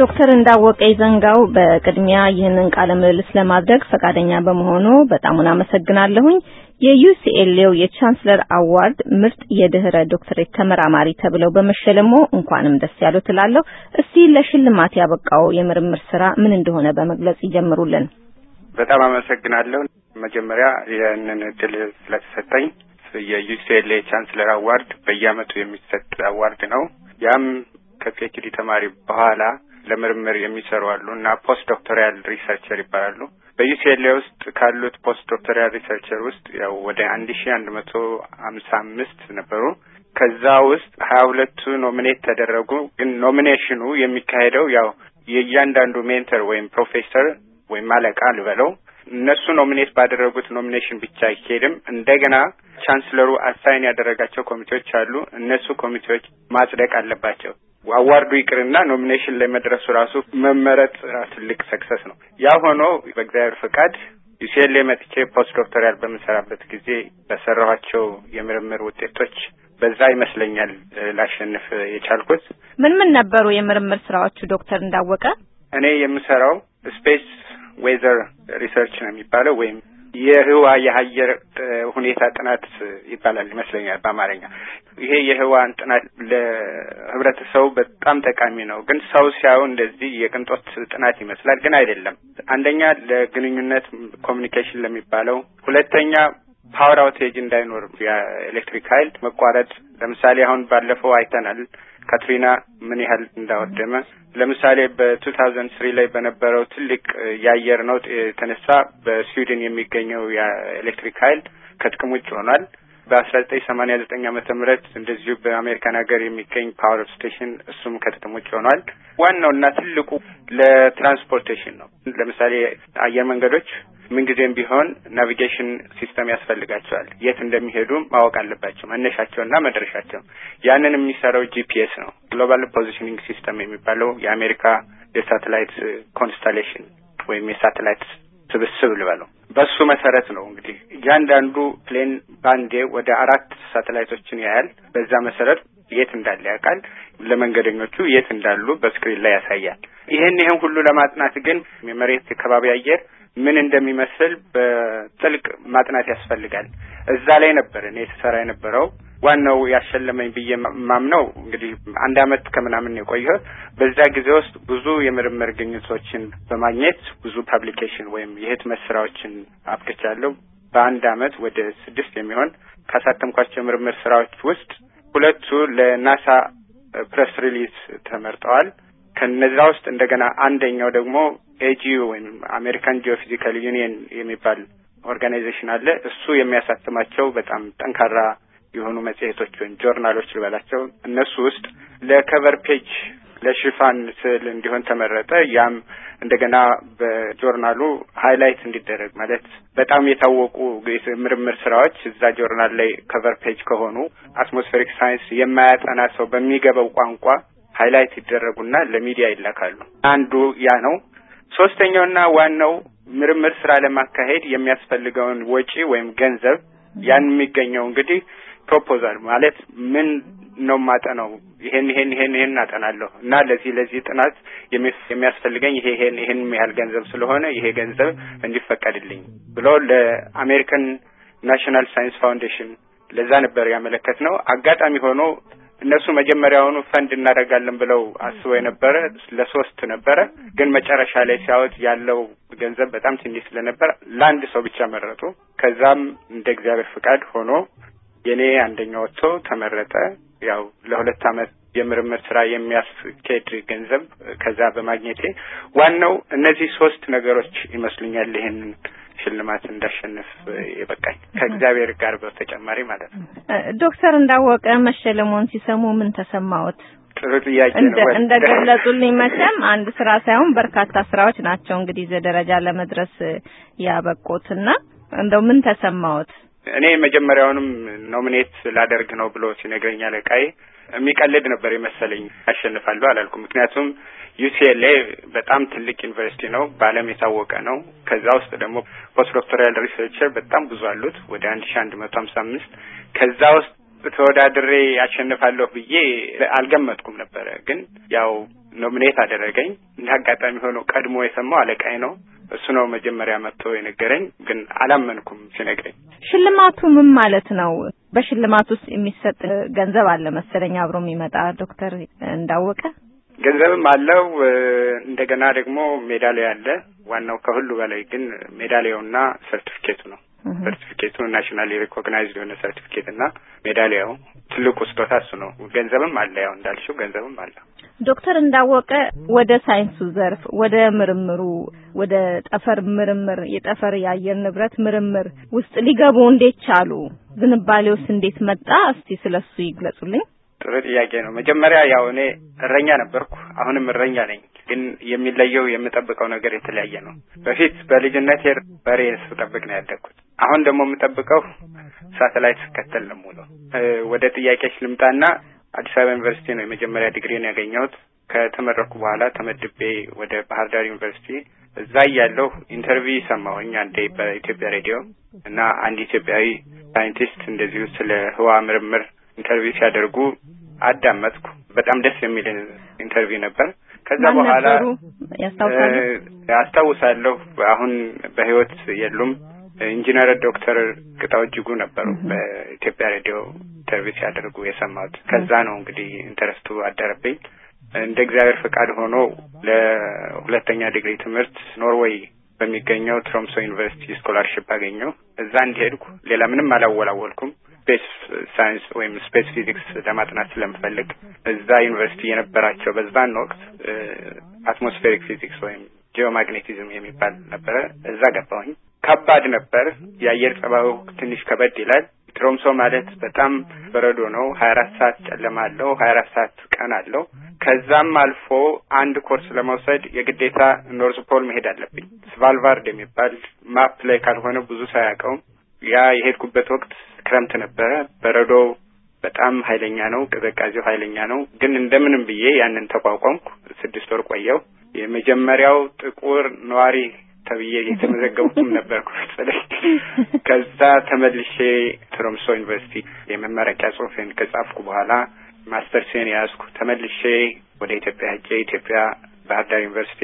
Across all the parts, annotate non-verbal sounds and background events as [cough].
ዶክተር እንዳወቀ ዘንጋው በቅድሚያ ይህንን ቃለ ምልልስ ለማድረግ ፈቃደኛ በመሆኑ በጣም አመሰግናለሁኝ። የዩሲኤልኤው የቻንስለር አዋርድ ምርጥ የድህረ ዶክተሬት ተመራማሪ ተብለው በመሸለሞ እንኳንም ደስ ያለው ትላለሁ። እስቲ ለሽልማት ያበቃው የምርምር ስራ ምን እንደሆነ በመግለጽ ይጀምሩልን። በጣም አመሰግናለሁ። መጀመሪያ ይህንን እድል ስለተሰጠኝ የዩሲኤልኤ ቻንስለር አዋርድ በየአመቱ የሚሰጥ አዋርድ ነው። ያም ከፒኤችዲ ተማሪ በኋላ ለምርምር የሚሰሩ አሉ እና ፖስት ዶክቶሪያል ሪሰርቸር ይባላሉ። በዩሲኤልኤ ውስጥ ካሉት ፖስት ዶክቶሪያል ሪሰርቸር ውስጥ ያው ወደ አንድ ሺ አንድ መቶ ሀምሳ አምስት ነበሩ። ከዛ ውስጥ ሀያ ሁለቱ ኖሚኔት ተደረጉ። ግን ኖሚኔሽኑ የሚካሄደው ያው የእያንዳንዱ ሜንተር ወይም ፕሮፌሰር ወይም አለቃ ልበለው እነሱ ኖሚኔት ባደረጉት ኖሚኔሽን ብቻ አይሄድም። እንደገና ቻንስለሩ አሳይን ያደረጋቸው ኮሚቴዎች አሉ። እነሱ ኮሚቴዎች ማጽደቅ አለባቸው። አዋርዱ ይቅርና ኖሚኔሽን ላይ መድረሱ ራሱ መመረጥ ትልቅ ሰክሰስ ነው። ያ ሆኖ በእግዚአብሔር ፍቃድ ዩሲኤልኤ መጥቼ ፖስት ዶክተሪያል በምሰራበት ጊዜ በሰራኋቸው የምርምር ውጤቶች በዛ ይመስለኛል ላሸንፍ የቻልኩት። ምን ምን ነበሩ የምርምር ስራዎቹ ዶክተር እንዳወቀ? እኔ የምሰራው ስፔስ ዌዘር ሪሰርች ነው የሚባለው ወይም የህዋ የአየር ሁኔታ ጥናት ይባላል ይመስለኛል በአማርኛ። ይሄ የህዋን ጥናት ለህብረተሰቡ በጣም ጠቃሚ ነው። ግን ሰው ሲያዩ እንደዚህ የቅንጦት ጥናት ይመስላል፣ ግን አይደለም። አንደኛ ለግንኙነት ኮሚኒኬሽን ለሚባለው፣ ሁለተኛ ፓወር አውቴጅ እንዳይኖር የኤሌክትሪክ ኃይል መቋረጥ። ለምሳሌ አሁን ባለፈው አይተናል ካትሪና ምን ያህል እንዳወደመ ለምሳሌ በ2003 ላይ በነበረው ትልቅ የአየር ነውጥ የተነሳ በስዊድን የሚገኘው የኤሌክትሪክ ኃይል ከጥቅም ውጭ ሆኗል። በአስራ ዘጠኝ ሰማኒያ ዘጠኝ ዓመተ ምህረት እንደዚሁ በአሜሪካን ሀገር የሚገኝ ፓወር ስቴሽን እሱም ከጥቅም ውጭ ሆኗል። እና ትልቁ ለትራንስፖርቴሽን ነው። ለምሳሌ አየር መንገዶች ምንጊዜም ቢሆን ናቪጌሽን ሲስተም ያስፈልጋቸዋል። የት እንደሚሄዱ ማወቅ አለባቸው፣ መነሻቸውና መድረሻቸው። ያንን የሚሰራው ጂፒኤስ ነው፣ ግሎባል ፖዚሽኒንግ ሲስተም የሚባለው የአሜሪካ የሳተላይት ኮንስታሌሽን ወይም የሳተላይት ስብስብ ልበለው በሱ መሰረት ነው እንግዲህ እያንዳንዱ ፕሌን ባንዴ ወደ አራት ሳተላይቶችን ያያል። በዛ መሰረት የት እንዳለ ያውቃል። ለመንገደኞቹ የት እንዳሉ በስክሪን ላይ ያሳያል። ይህን ይህን ሁሉ ለማጥናት ግን የመሬት ከባቢ አየር ምን እንደሚመስል በጥልቅ ማጥናት ያስፈልጋል። እዛ ላይ ነበር እኔ ስሰራ የነበረው። ዋናው ያሸለመኝ ብዬ ማምነው እንግዲህ አንድ አመት ከምናምን የቆየሁት በዛ ጊዜ ውስጥ ብዙ የምርምር ግኝቶችን በማግኘት ብዙ ፐብሊኬሽን ወይም የህትመት ስራዎችን አብቅቻለሁ። በአንድ አመት ወደ ስድስት የሚሆን ካሳተምኳቸው የምርምር ስራዎች ውስጥ ሁለቱ ለናሳ ፕሬስ ሪሊዝ ተመርጠዋል። ከነዛ ውስጥ እንደገና አንደኛው ደግሞ ኤጂዩ ወይም አሜሪካን ጂኦፊዚካል ዩኒየን የሚባል ኦርጋናይዜሽን አለ። እሱ የሚያሳትማቸው በጣም ጠንካራ የሆኑ መጽሔቶች ወይም ጆርናሎች ልበላቸው እነሱ ውስጥ ለከቨር ፔጅ ለሽፋን ስዕል እንዲሆን ተመረጠ። ያም እንደገና በጆርናሉ ሀይላይት እንዲደረግ ማለት በጣም የታወቁ ምርምር ስራዎች እዛ ጆርናል ላይ ከቨር ፔጅ ከሆኑ አትሞስፌሪክ ሳይንስ የማያጠና ሰው በሚገባው ቋንቋ ሀይላይት ይደረጉና ለሚዲያ ይላካሉ። አንዱ ያ ነው። ሶስተኛውና ዋናው ምርምር ስራ ለማካሄድ የሚያስፈልገውን ወጪ ወይም ገንዘብ ያን የሚገኘው እንግዲህ ፕሮፖዛል ማለት ምን ነው ማጠነው? ይሄን ይሄን ይሄን ይሄን እናጠናለሁ እና ለዚህ ለዚህ ጥናት የሚያስፈልገኝ ይሄ ይሄን ይሄን ያህል ገንዘብ ስለሆነ ይሄ ገንዘብ እንዲፈቀድልኝ ብሎ ለአሜሪካን ናሽናል ሳይንስ ፋውንዴሽን ለዛ ነበር ያመለከት ነው። አጋጣሚ ሆኖ እነሱ መጀመሪያውኑ ፈንድ እናደርጋለን ብለው አስቦ የነበረ ለሶስት ነበረ። ግን መጨረሻ ላይ ሲያወጥ ያለው ገንዘብ በጣም ትንሽ ስለነበር ለአንድ ሰው ብቻ መረጡ። ከዛም እንደ እግዚአብሔር ፍቃድ ሆኖ የኔ አንደኛ ወጥቶ ተመረጠ። ያው ለሁለት አመት የምርምር ስራ የሚያስኬድ ገንዘብ ከዛ በማግኘቴ ዋናው እነዚህ ሶስት ነገሮች ይመስሉኛል ይህን ሽልማት እንዳሸንፍ የበቃኝ ከእግዚአብሔር ጋር በተጨማሪ ማለት ነው። ዶክተር እንዳወቀ መሸለሞን ሲሰሙ ምን ተሰማዎት? ጥሩ ጥያቄ ነው። እንደ ገለጹልኝ መቼም አንድ ስራ ሳይሆን በርካታ ስራዎች ናቸው እንግዲህ እዚህ ደረጃ ለመድረስ ያበቁትና እንደው ምን ተሰማዎት? እኔ መጀመሪያውንም ኖሚኔት ላደርግ ነው ብሎ ሲነግረኝ አለቃዬ የሚቀልድ ነበር የመሰለኝ። ያሸንፋሉ አላልኩም። ምክንያቱም ዩሲኤልኤ በጣም ትልቅ ዩኒቨርሲቲ ነው፣ በዓለም የታወቀ ነው። ከዛ ውስጥ ደግሞ ፖስት ዶክቶሪያል ሪሰርቸር በጣም ብዙ አሉት ወደ አንድ ሺ አንድ መቶ ሀምሳ አምስት ከዛ ውስጥ ተወዳድሬ ያሸንፋለሁ ብዬ አልገመጥኩም ነበረ። ግን ያው ኖሚኔት አደረገኝ። እንደ አጋጣሚ ሆኖ ቀድሞ የሰማው አለቃይ ነው። እሱ ነው መጀመሪያ መጥቶ የነገረኝ። ግን አላመንኩም ሲነግረኝ። ሽልማቱ ምን ማለት ነው? በሽልማት ውስጥ የሚሰጥ ገንዘብ አለ መሰለኝ አብሮ የሚመጣ ዶክተር እንዳወቀ ገንዘብም አለው። እንደገና ደግሞ ሜዳሊያ አለ። ዋናው ከሁሉ በላይ ግን ሜዳሊያውና ሰርቲፊኬቱ ነው። ሰርቲፊኬቱ ናሽናል ሪኮግናይዝ የሆነ ሰርቲፊኬት እና ሜዳሊያው ትልቁ ስጦታ እሱ ነው። ገንዘብም አለ፣ ያው እንዳልሽው ገንዘብም አለ። ዶክተር እንዳወቀ ወደ ሳይንሱ ዘርፍ ወደ ምርምሩ ወደ ጠፈር ምርምር የጠፈር የአየር ንብረት ምርምር ውስጥ ሊገቡ እንዴት ቻሉ? ዝንባሌውስ እንዴት መጣ? እስቲ ስለሱ ይግለጹልኝ። ጥሩ ጥያቄ ነው። መጀመሪያ ያው እኔ እረኛ ነበርኩ፣ አሁንም እረኛ ነኝ። ግን የሚለየው የምጠብቀው ነገር የተለያየ ነው። በፊት በልጅነት በሬ ስጠብቅ ነው ያደግኩት። አሁን ደግሞ የምጠብቀው ሳተላይት ስከተል ነው የምውለው። ወደ ጥያቄች ልምጣና አዲስ አበባ ዩኒቨርሲቲ ነው የመጀመሪያ ዲግሪን ያገኘሁት። ከተመረኩ በኋላ ተመድቤ ወደ ባህር ዳር ዩኒቨርሲቲ እዛ እያለሁ ኢንተርቪው ሰማሁኝ አንዴ በኢትዮጵያ ሬዲዮ እና አንድ ኢትዮጵያዊ ሳይንቲስት እንደዚሁ ስለ ህዋ ምርምር ኢንተርቪው ሲያደርጉ አዳመጥኩ። በጣም ደስ የሚል ኢንተርቪው ነበር። ከዛ በኋላ ያስታውሳለሁ። አሁን በህይወት የሉም። ኢንጂነር ዶክተር ቅጣው እጅጉ ነበሩ በኢትዮጵያ ሬዲዮ ኢንተርቪው ሲያደርጉ የሰማሁት። ከዛ ነው እንግዲህ ኢንተረስቱ አደረብኝ። እንደ እግዚአብሔር ፈቃድ ሆኖ ለሁለተኛ ዲግሪ ትምህርት ኖርዌይ በሚገኘው ትሮምሶ ዩኒቨርሲቲ ስኮላርሽፕ አገኘው። እዛ እንዲሄድኩ ሌላ ምንም አላወላወልኩም። ስፔስ ሳይንስ ወይም ስፔስ ፊዚክስ ለማጥናት ስለምፈልግ እዛ ዩኒቨርሲቲ የነበራቸው በዛን ወቅት አትሞስፌሪክ ፊዚክስ ወይም ጂኦማግኔቲዝም የሚባል ነበረ። እዛ ገባሁኝ። ከባድ ነበር። የአየር ጸባዩ ትንሽ ከበድ ይላል። ትሮምሶ ማለት በጣም በረዶ ነው። ሀያ አራት ሰዓት ጨለማ አለው። ሀያ አራት ሰዓት ቀን አለው። ከዛም አልፎ አንድ ኮርስ ለመውሰድ የግዴታ ኖርዝ ፖል መሄድ አለብኝ። ስቫልቫርድ የሚባል ማፕ ላይ ካልሆነ ብዙ አያውቀውም ያ የሄድኩበት ወቅት ክረምት ነበረ። በረዶ በጣም ኃይለኛ ነው። ቅዝቃዜው ኃይለኛ ነው። ግን እንደምንም ብዬ ያንን ተቋቋምኩ። ስድስት ወር ቆየው። የመጀመሪያው ጥቁር ነዋሪ ተብዬ የተመዘገብኩም ነበርኩ። ስለዚህ ከዛ ተመልሼ ትሮምሶ ዩኒቨርሲቲ የመመረቂያ ጽሁፌን ከጻፍኩ በኋላ ማስተርሴን የያዝኩ ተመልሼ ወደ ኢትዮጵያ ሄጄ ኢትዮጵያ ባህር ዳር ዩኒቨርሲቲ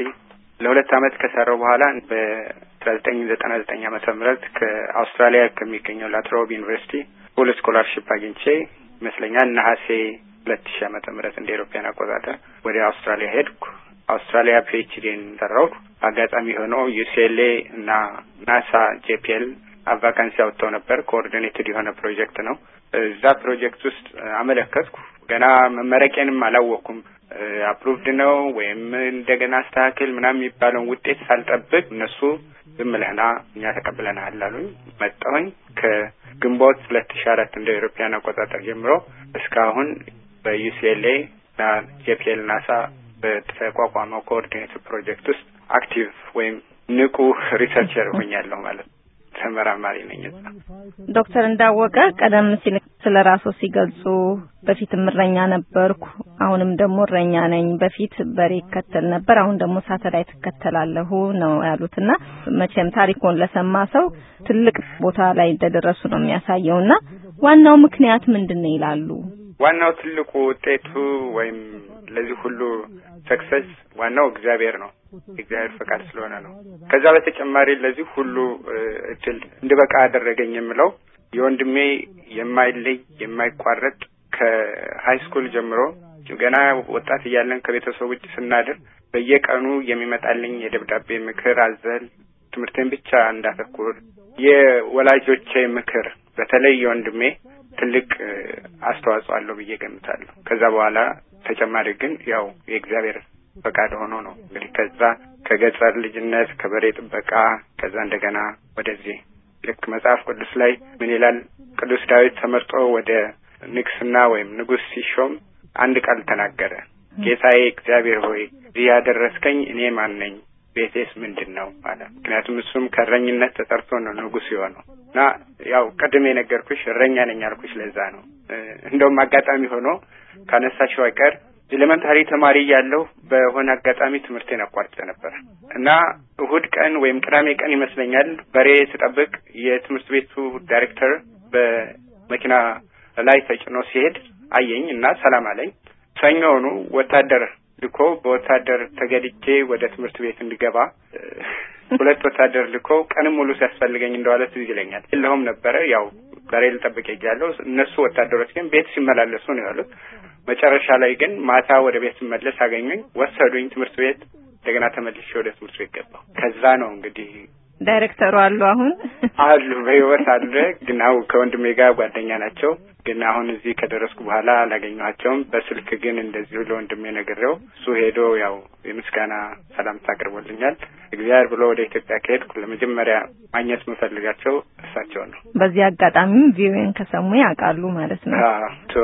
ለሁለት ዓመት ከሰራው በኋላ በአስራ ዘጠኝ ዘጠና ዘጠኝ አመተ ምህረት ከአውስትራሊያ ከሚገኘው ላትሮብ ዩኒቨርሲቲ ፉል ስኮላርሽፕ አግኝቼ ይመስለኛል ነሐሴ ሁለት ሺህ አመተ ምህረት እንደ ኤሮፓያን አቆጣጠር ወደ አውስትራሊያ ሄድኩ። አውስትራሊያ ፒኤችዲን ሰራው። አጋጣሚ ሆኖ ዩሲኤልኤ እና ናሳ ጄፒኤል አቫካንሲ አውጥተው ነበር። ኮኦርዲኔትድ የሆነ ፕሮጀክት ነው። እዛ ፕሮጀክት ውስጥ አመለከትኩ። ገና መመረቄንም አላወቅኩም። አፕሩቭድ ነው ወይም እንደገና አስተካክል ምናምን የሚባለውን ውጤት ሳልጠብቅ እነሱ ዝም ብለህና እኛ ተቀብለናል አሉኝ። መጣሁኝ። ከግንቦት ሁለት ሺ አራት እንደ ኤሮፓያን አቆጣጠር ጀምሮ እስካሁን በዩሲኤልኤ እና ጄፒኤል ናሳ በተቋቋመው ኮኦርዲኔት ፕሮጀክት ውስጥ አክቲቭ ወይም ንቁ ሪሰርቸር ሆኛለሁ ማለት ነው። ተመራማሪ ነኝ። ዶክተር እንዳወቀ ቀደም ሲል ስለ ራስዎ ሲገልጹ በፊትም እረኛ ነበርኩ፣ አሁንም ደግሞ እረኛ ነኝ። በፊት በሬ ይከተል ነበር፣ አሁን ደግሞ ሳተላይት እከተላለሁ ነው ያሉትና መቼም ታሪኮን ለሰማ ሰው ትልቅ ቦታ ላይ እንደደረሱ ነው የሚያሳየው እና ዋናው ምክንያት ምንድን ነው ይላሉ። ዋናው ትልቁ ውጤቱ ወይም ለዚህ ሁሉ ሰክሰስ ዋናው እግዚአብሔር ነው። እግዚአብሔር ፈቃድ ስለሆነ ነው። ከዛ በተጨማሪ ለዚህ ሁሉ እድል እንድበቃ አደረገኝ የምለው የወንድሜ የማይለይ የማይቋረጥ ከሀይ ስኩል ጀምሮ ገና ወጣት እያለን ከቤተሰብ ውጭ ስናድር በየቀኑ የሚመጣልኝ የደብዳቤ ምክር አዘል ትምህርቴን ብቻ እንዳተኩር የወላጆቼ ምክር በተለይ የወንድሜ ትልቅ አስተዋጽኦ አለው ብዬ ገምታለሁ። ከዛ በኋላ ተጨማሪ ግን ያው የእግዚአብሔር ፈቃድ ሆኖ ነው እንግዲህ ከዛ ከገጸር ልጅነት ከበሬ ጥበቃ ከዛ እንደገና ወደዚህ ልክ መጽሐፍ ቅዱስ ላይ ምን ይላል? ቅዱስ ዳዊት ተመርጦ ወደ ንግስና ወይም ንጉስ ሲሾም አንድ ቃል ተናገረ። ጌታዬ እግዚአብሔር ሆይ እዚህ ያደረስከኝ እኔ ማን ነኝ? ቤቴስ ምንድን ነው ማለት ምክንያቱም እሱም ከእረኝነት ተጠርቶ ነው ንጉስ የሆነው እና ያው ቅድም የነገርኩሽ እረኛ ነኝ አልኩሽ። ለዛ ነው እንደውም አጋጣሚ ሆኖ ካነሳሽው አይቀር ኤሌመንታሪ ተማሪ እያለሁ በሆነ አጋጣሚ ትምህርቴን አቋርጬ ነበር እና እሁድ ቀን ወይም ቅዳሜ ቀን ይመስለኛል በሬ ስጠብቅ የትምህርት ቤቱ ዳይሬክተር በመኪና ላይ ተጭኖ ሲሄድ አየኝ እና ሰላም አለኝ። ሰኞውኑ ወታደር ልኮ በወታደር ተገድጄ ወደ ትምህርት ቤት እንዲገባ ሁለት ወታደር ልኮ ቀንም ሙሉ ሲያስፈልገኝ እንደዋለ ትዝ ይለኛል። የለሁም ነበረ ያው በሬል ጠብቄ እያለሁ እነሱ ወታደሮች ግን ቤት ሲመላለሱ ነው ያሉት። መጨረሻ ላይ ግን ማታ ወደ ቤት ስመለስ አገኙኝ፣ ወሰዱኝ ትምህርት ቤት። እንደገና ተመልሼ ወደ ትምህርት ቤት ገባሁ። ከዛ ነው እንግዲህ ዳይሬክተሩ አሉ አሁን አሉ በህይወት አለ ግን አሁን ከወንድሜ ጋር ጓደኛ ናቸው ግን አሁን እዚህ ከደረስኩ በኋላ አላገኘኋቸውም በስልክ ግን እንደዚሁ ለወንድሜ ነግረው እሱ ሄዶ ያው የምስጋና ሰላምታ አቅርቦልኛል እግዚአብሔር ብሎ ወደ ኢትዮጵያ ከሄድኩ ለመጀመሪያ ማግኘት የምፈልጋቸው እሳቸው ነው በዚህ አጋጣሚም ቪኦኤን ከሰሙ ያውቃሉ ማለት ነው አቶ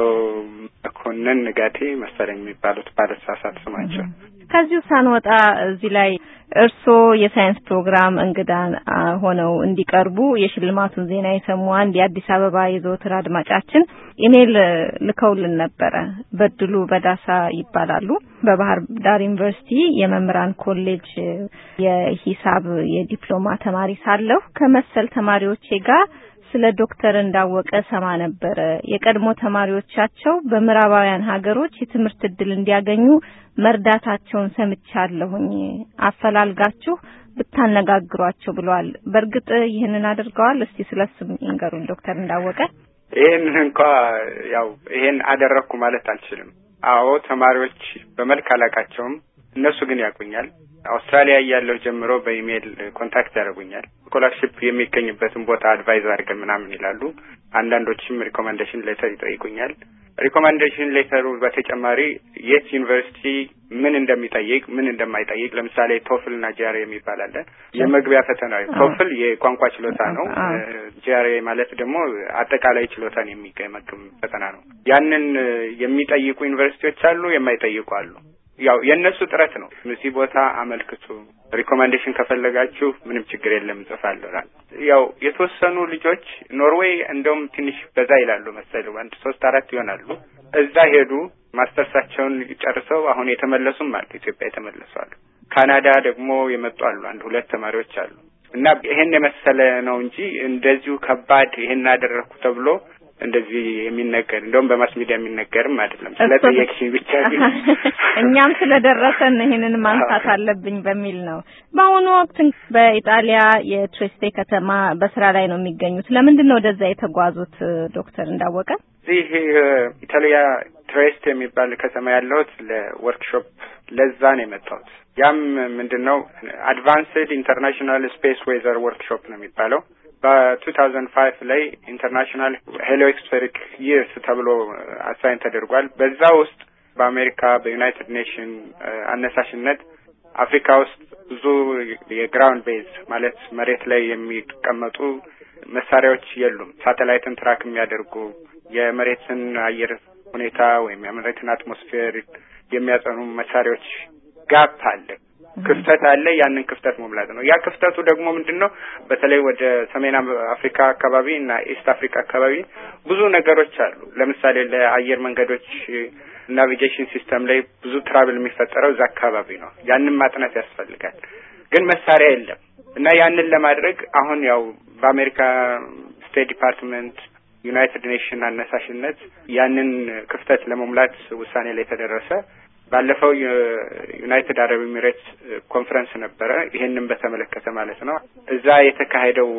መኮንን ንጋቴ መሰለኝ የሚባሉት ባለሳሳት ስማቸው ከዚሁ ሳንወጣ እዚህ ላይ እርስዎ የሳይንስ ፕሮግራም እንግዳ ሆነው እንዲቀርቡ የሽልማቱን ዜና የሰሙ አንድ የአዲስ አበባ የዘወትር አድማጫችን ኢሜይል ልከውልን ነበረ። በድሉ በዳሳ ይባላሉ። በባህር ዳር ዩኒቨርሲቲ የመምህራን ኮሌጅ የሂሳብ የዲፕሎማ ተማሪ ሳለሁ ከመሰል ተማሪዎቼ ጋር ስለ ዶክተር እንዳወቀ ሰማ ነበረ። የቀድሞ ተማሪዎቻቸው በምዕራባውያን ሀገሮች የትምህርት እድል እንዲያገኙ መርዳታቸውን ሰምቻለሁኝ። አፈላልጋችሁ ብታነጋግሯቸው ብለዋል። በእርግጥ ይህንን አድርገዋል? እስቲ ስለሱም ይንገሩን ዶክተር እንዳወቀ። ይህን እንኳ ያው ይሄን አደረግኩ ማለት አልችልም። አዎ ተማሪዎች በመልክ አላቃቸውም፣ እነሱ ግን ያውቁኛል። አውስትራሊያ እያለሁ ጀምሮ በኢሜይል ኮንታክት ያደርጉኛል። ስኮላርሽፕ የሚገኝበትን ቦታ አድቫይዝ አድርገን ምናምን ይላሉ። አንዳንዶችም ሪኮመንዴሽን ሌተር ይጠይቁኛል። ሪኮመንዴሽን ሌተሩ በተጨማሪ የት ዩኒቨርሲቲ ምን እንደሚጠይቅ ምን እንደማይጠይቅ፣ ለምሳሌ ቶፍል እና ጂአርኤ የሚባል አለ። የመግቢያ ፈተና ቶፍል የቋንቋ ችሎታ ነው። ጂአርኤ ማለት ደግሞ አጠቃላይ ችሎታን የሚገመግም ፈተና ነው። ያንን የሚጠይቁ ዩኒቨርሲቲዎች አሉ፣ የማይጠይቁ አሉ። ያው የእነሱ ጥረት ነው። እዚህ ቦታ አመልክቱ፣ ሪኮማንዴሽን ከፈለጋችሁ ምንም ችግር የለም እጽፋለሁ ያው የተወሰኑ ልጆች ኖርዌይ እንደውም ትንሽ በዛ ይላሉ መሰል አንድ ሶስት አራት ይሆናሉ። እዛ ሄዱ ማስተርሳቸውን ጨርሰው አሁን የተመለሱም አሉ፣ ኢትዮጵያ የተመለሱ አሉ። ካናዳ ደግሞ የመጡ አሉ፣ አንድ ሁለት ተማሪዎች አሉ። እና ይሄን የመሰለ ነው እንጂ እንደዚሁ ከባድ ይሄን አደረግኩ ተብሎ እንደዚህ የሚነገር እንደውም በማስ ሚዲያ የሚነገርም አይደለም። ስለጠየቅሽኝ ብቻ [laughs] እኛም ስለደረሰን ይህንን ማንሳት አለብኝ በሚል ነው። በአሁኑ ወቅት በኢጣሊያ የትሬስቴ ከተማ በስራ ላይ ነው የሚገኙት። ለምንድን ነው ወደዛ የተጓዙት ዶክተር እንዳወቀ? እዚህ ኢጣሊያ ትሬስት የሚባል ከተማ ያለሁት ለወርክሾፕ ለዛ ነው የመጣሁት። ያም ምንድን ነው አድቫንስድ ኢንተርናሽናል ስፔስ ዌዘር ወርክሾፕ ነው የሚባለው በቱ ታውዘንድ ፋይቭ ላይ ኢንተርናሽናል ሄሊዮስፌሪክ ይርስ ተብሎ uh, አሳይን ተደርጓል። በዛ ውስጥ በአሜሪካ በዩናይትድ ኔሽን uh, አነሳሽነት አፍሪካ ውስጥ ብዙ የግራውንድ ቤዝ ማለት መሬት ላይ የሚቀመጡ መሳሪያዎች የሉም። ሳተላይትን ትራክ የሚያደርጉ የመሬትን አየር ሁኔታ ወይም የመሬትን አትሞስፌር የሚያጸኑ መሳሪያዎች ጋፕ አለ። ክፍተት አለ። ያንን ክፍተት መሙላት ነው። ያ ክፍተቱ ደግሞ ምንድን ነው? በተለይ ወደ ሰሜን አፍሪካ አካባቢ እና ኢስት አፍሪካ አካባቢ ብዙ ነገሮች አሉ። ለምሳሌ ለአየር መንገዶች ናቪጌሽን ሲስተም ላይ ብዙ ትራብል የሚፈጠረው እዛ አካባቢ ነው። ያንን ማጥናት ያስፈልጋል። ግን መሳሪያ የለም እና ያንን ለማድረግ አሁን ያው በአሜሪካ ስቴት ዲፓርትመንት ዩናይትድ ኔሽን አነሳሽነት ያንን ክፍተት ለመሙላት ውሳኔ ላይ ተደረሰ። ባለፈው የዩናይትድ አረብ ኤሚሬትስ ኮንፈረንስ ነበረ፣ ይሄንን በተመለከተ ማለት ነው። እዛ የተካሄደው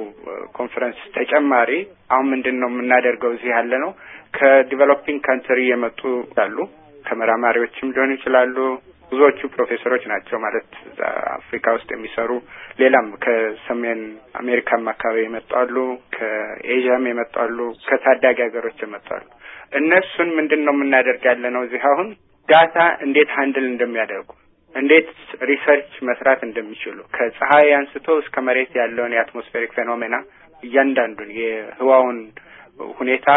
ኮንፈረንስ ተጨማሪ አሁን ምንድን ነው የምናደርገው እዚህ ያለ ነው ከዲቨሎፒንግ ካንትሪ የመጡ አሉ፣ ተመራማሪዎችም ሊሆኑ ይችላሉ። ብዙዎቹ ፕሮፌሰሮች ናቸው ማለት አፍሪካ ውስጥ የሚሰሩ ሌላም ከሰሜን አሜሪካም አካባቢ የመጣሉ ከኤዥያም የመጣሉ ከታዳጊ ሀገሮች የመጣሉ እነሱን ምንድን ነው የምናደርግ ያለ ነው እዚህ አሁን ዳታ እንዴት ሀንድል እንደሚያደርጉ እንዴት ሪሰርች መስራት እንደሚችሉ ከፀሐይ አንስቶ እስከ መሬት ያለውን የአትሞስፌሪክ ፌኖሜና እያንዳንዱን የህዋውን ሁኔታ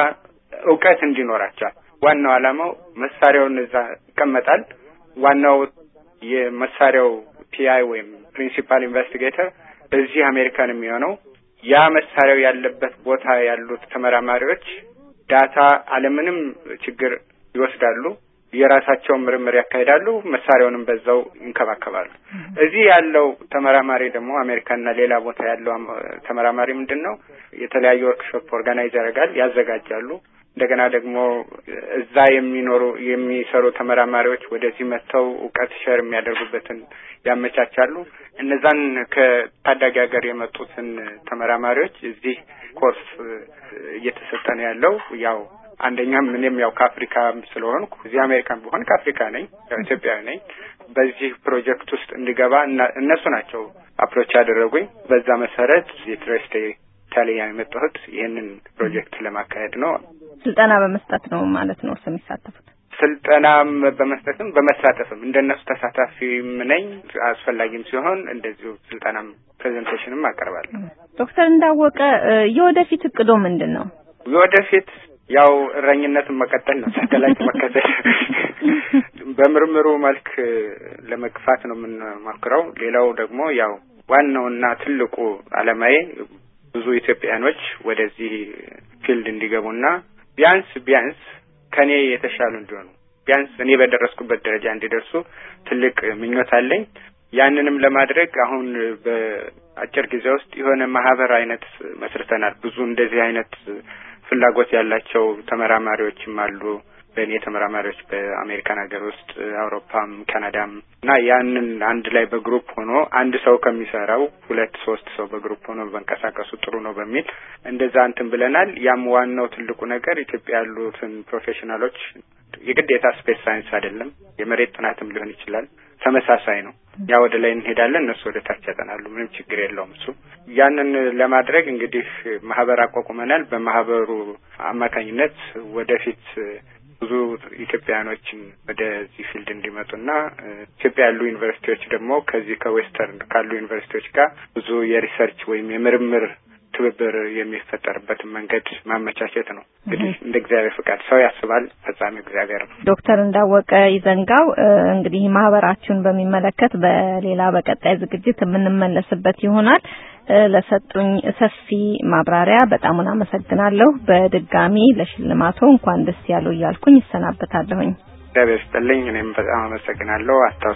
እውቀት እንዲኖራቸው ዋናው ዓላማው መሳሪያውን እዛ ይቀመጣል። ዋናው የመሳሪያው ፒአይ ወይም ፕሪንሲፓል ኢንቨስቲጌተር እዚህ አሜሪካን የሚሆነው ያ መሳሪያው ያለበት ቦታ ያሉት ተመራማሪዎች ዳታ አለምንም ችግር ይወስዳሉ። የራሳቸውን ምርምር ያካሄዳሉ መሳሪያውንም በዛው ይንከባከባሉ። እዚህ ያለው ተመራማሪ ደግሞ አሜሪካና ሌላ ቦታ ያለው ተመራማሪ ምንድን ነው የተለያዩ ወርክሾፕ ኦርጋናይዝ ያደርጋል፣ ያዘጋጃሉ። እንደገና ደግሞ እዛ የሚኖሩ የሚሰሩ ተመራማሪዎች ወደዚህ መጥተው እውቀት ሸር የሚያደርጉበትን ያመቻቻሉ። እነዛን ከታዳጊ ሀገር የመጡትን ተመራማሪዎች እዚህ ኮርስ እየተሰጠ ነው ያለው ያው አንደኛም እኔም ያው ከአፍሪካ ስለሆንኩ እዚህ አሜሪካን ቢሆን ከአፍሪካ ነኝ፣ ኢትዮጵያ ነኝ። በዚህ ፕሮጀክት ውስጥ እንድገባ እነሱ ናቸው አፕሮች ያደረጉኝ። በዛ መሰረት የትረስቴ ኢታሊያ የመጣሁት ይህንን ፕሮጀክት ለማካሄድ ነው። ስልጠና በመስጠት ነው ማለት ነው እሱ የሚሳተፉት ስልጠናም በመስጠትም በመሳተፍም እንደነሱ ተሳታፊም ነኝ። አስፈላጊም ሲሆን እንደዚሁ ስልጠናም ፕሬዘንቴሽንም አቀርባለሁ። ዶክተር እንዳወቀ የወደፊት እቅዶ ምንድን ነው? የወደፊት ያው እረኝነትን መቀጠል ነው። ሳተላይት መከተል [laughs] በምርምሩ መልክ ለመግፋት ነው የምንሞክረው። ሌላው ደግሞ ያው ዋናውና ትልቁ አለማዬ ብዙ ኢትዮጵያኖች ወደዚህ ፊልድ እንዲገቡና ቢያንስ ቢያንስ ከኔ የተሻሉ እንዲሆኑ ቢያንስ እኔ በደረስኩበት ደረጃ እንዲደርሱ ትልቅ ምኞት አለኝ። ያንንም ለማድረግ አሁን በአጭር ጊዜ ውስጥ የሆነ ማህበር አይነት መስርተናል። ብዙ እንደዚህ አይነት ፍላጎት ያላቸው ተመራማሪዎችም አሉ። በእኔ ተመራማሪዎች በአሜሪካን ሀገር ውስጥ አውሮፓም፣ ካናዳም እና ያንን አንድ ላይ በግሩፕ ሆኖ አንድ ሰው ከሚሰራው ሁለት ሶስት ሰው በግሩፕ ሆኖ መንቀሳቀሱ ጥሩ ነው በሚል እንደዛ እንትን ብለናል። ያም ዋናው ትልቁ ነገር ኢትዮጵያ ያሉትን ፕሮፌሽናሎች የግዴታ ስፔስ ሳይንስ አይደለም የመሬት ጥናትም ሊሆን ይችላል ተመሳሳይ ነው። እኛ ወደ ላይ እንሄዳለን፣ እነሱ ወደ ታች ያጠናሉ። ምንም ችግር የለውም። እሱ ያንን ለማድረግ እንግዲህ ማህበር አቋቁመናል። በማህበሩ አማካኝነት ወደፊት ብዙ ኢትዮጵያኖችን ወደዚህ ፊልድ እንዲመጡና ኢትዮጵያ ያሉ ዩኒቨርሲቲዎች ደግሞ ከዚህ ከዌስተርን ካሉ ዩኒቨርሲቲዎች ጋር ብዙ የሪሰርች ወይም የምርምር ትብብር የሚፈጠርበትን መንገድ ማመቻቸት ነው። እንግዲህ እንደ እግዚአብሔር ፍቃድ ሰው ያስባል፣ ፈጻሚ እግዚአብሔር ነው። ዶክተር እንዳወቀ ይዘንጋው እንግዲህ ማህበራችሁን በሚመለከት በሌላ በቀጣይ ዝግጅት የምንመለስበት ይሆናል። ለሰጡኝ ሰፊ ማብራሪያ በጣም አመሰግናለሁ። በድጋሚ ለሽልማቱ እንኳን ደስ ያለው እያልኩኝ ይሰናበታለሁኝ። እግዚአብሔር ስጥልኝ። እኔም በጣም አመሰግናለሁ።